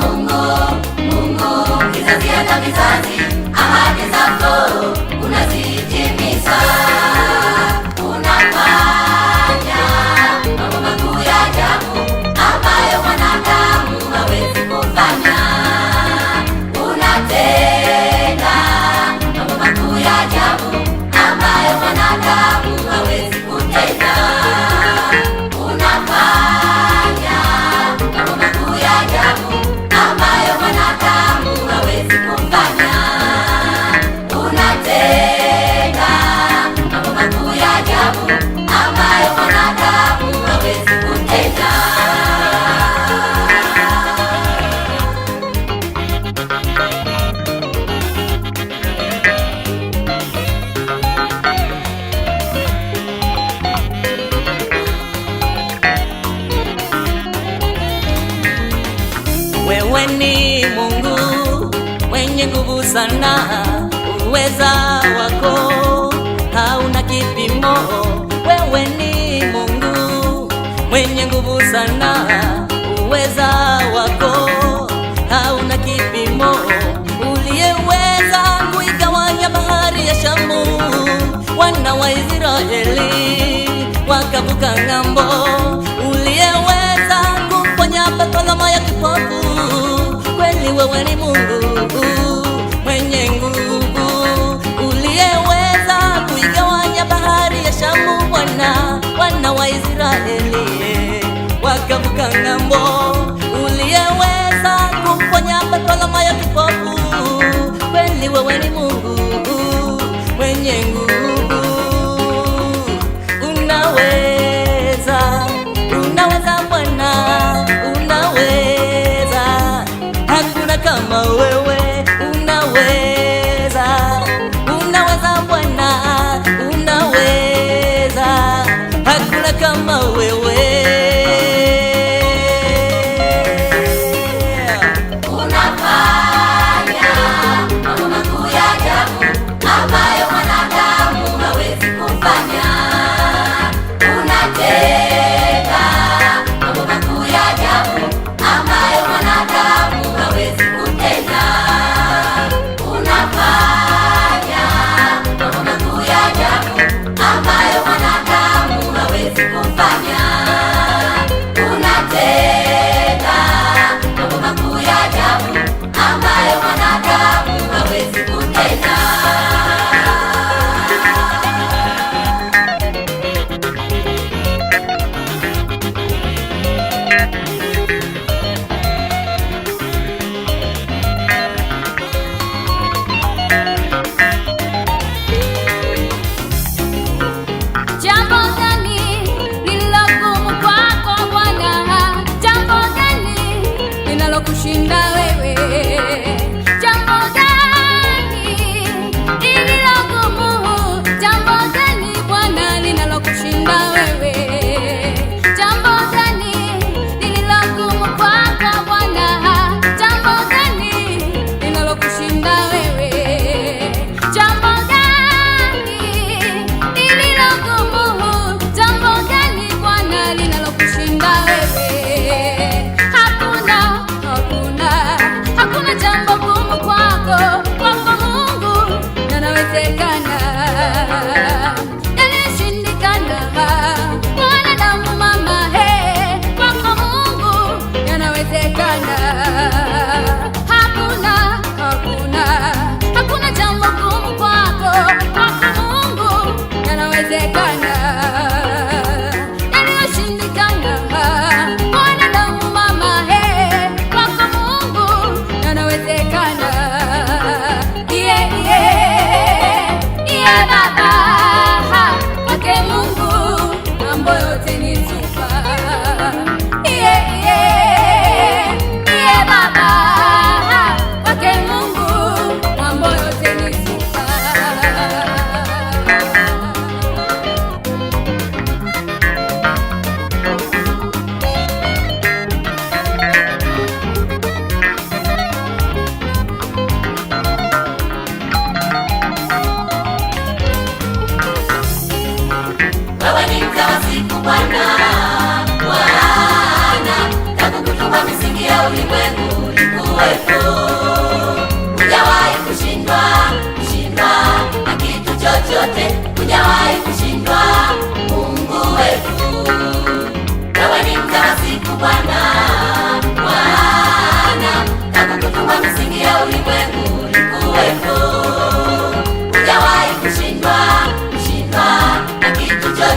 Mungu, Mungu, kizazi hata kizazi mwenye nguvu sana, uweza wako hauna kipimo, wewe ni Mungu mwenye nguvu sana, uweza wako hauna kipimo, uliyeweza kuigawanya bahari ya Shamu, wana wa Israeli wakavuka ng'ambo elie wakavuka ng'ambo, uliyeweza kumponya pepo la moyo kipofu, kweli wewe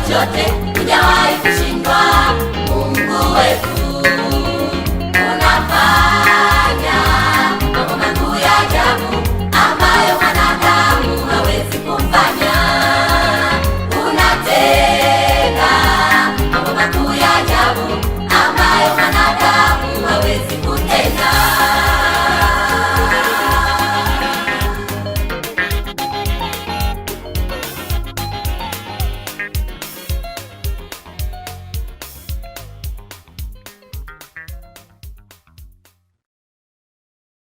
chochote hujawahi kushindwa.